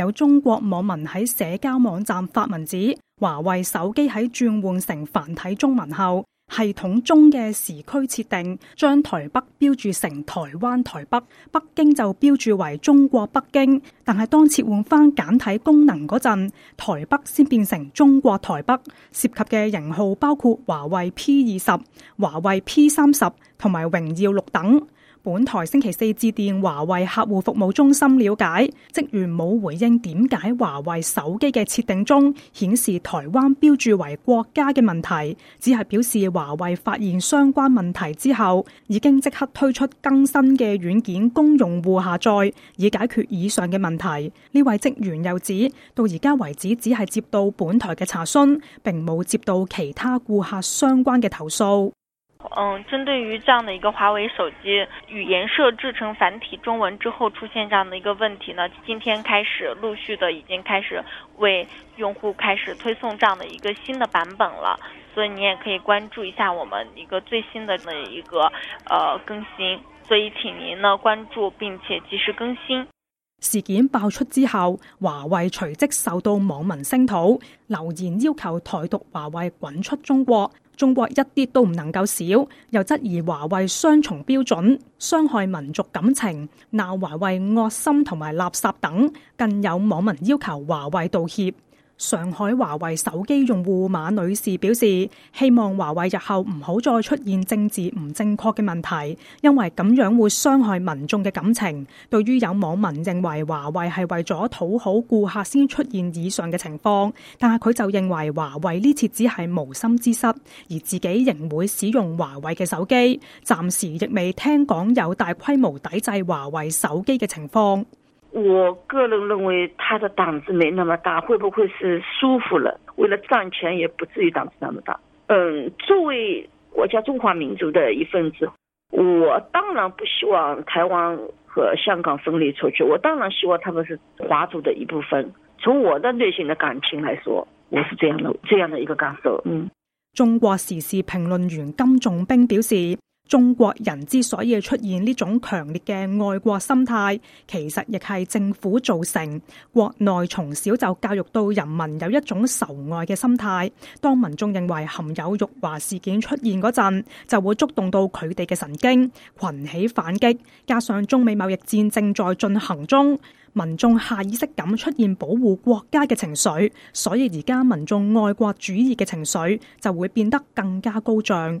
有中國網民喺社交網站發文指，華為手機喺轉換成繁體中文後，系統中嘅時區設定將台北標注成台灣台北，北京就標注為中國北京。但係當切換翻簡體功能嗰陣，台北先變成中國台北。涉及嘅型號包括華為 P 二十、華為 P 三十同埋榮耀六等。本台星期四致電華為客戶服務中心了解，職員冇回應點解華為手機嘅設定中顯示台灣標注為國家嘅問題，只係表示華為發現相關問題之後，已經即刻推出更新嘅軟件供用戶下載，以解決以上嘅問題。呢位職員又指，到而家為止只係接到本台嘅查詢，並冇接到其他顧客相關嘅投訴。嗯，針對於這樣的一個華為手機語言設置成繁體中文之後出現這樣的一個問題呢，今天開始陸續的已經開始為用戶開始推送這樣的一個新的版本了，所以你也可以關注一下我們一個最新的那一個呃更新，所以請您呢關注並且及時更新。事件爆出之後，華為隨即受到網民聲討，留言要求台獨華為滾出中國。中國一啲都唔能夠少，又質疑華為雙重標準，傷害民族感情，鬧華為噁心同埋垃圾等，更有網民要求華為道歉。上海華為手機用戶馬女士表示，希望華為日後唔好再出現政治唔正確嘅問題，因為咁樣會傷害民眾嘅感情。對於有網民認為華為係為咗討好顧客先出現以上嘅情況，但係佢就認為華為呢次只係無心之失，而自己仍會使用華為嘅手機，暫時亦未聽講有大規模抵制華為手機嘅情況。我個人認為他的膽子沒那麼大，會不會是舒服了？為了賺錢也不至於膽子那麼大。嗯，作為國家中華民族的一份子，我當然不希望台灣和香港分離出去。我當然希望他們是華族的一部分。從我的內心的感情來說，我是這樣的這樣的一個感受。嗯，中國時事評論員金仲兵表示。中國人之所以出現呢種強烈嘅愛國心態，其實亦係政府造成。國內從小就教育到人民有一種仇外嘅心態。當民眾認為含有辱華事件出現嗰陣，就會觸動到佢哋嘅神經，群起反擊。加上中美貿易戰正在進行中，民眾下意識咁出現保護國家嘅情緒，所以而家民眾愛國主義嘅情緒就會變得更加高漲。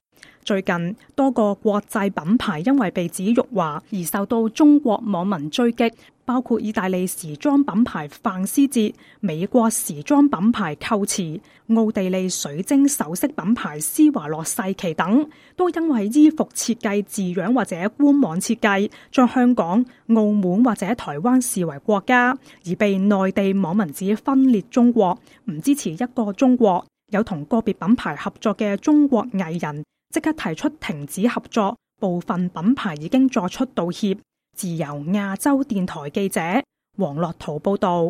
最近多個國際品牌因為被指辱華而受到中國網民追擊，包括意大利時裝品牌范思哲、美國時裝品牌寇馳、奧地利水晶首飾品牌施華洛世奇等，都因為衣服設計字樣或者官網設計將香港、澳門或者台灣視為國家而被內地網民指分裂中國，唔支持一個中國。有同個別品牌合作嘅中國藝人，即刻提出停止合作，部分品牌已經作出道歉。自由亞洲電台記者黃樂圖報道。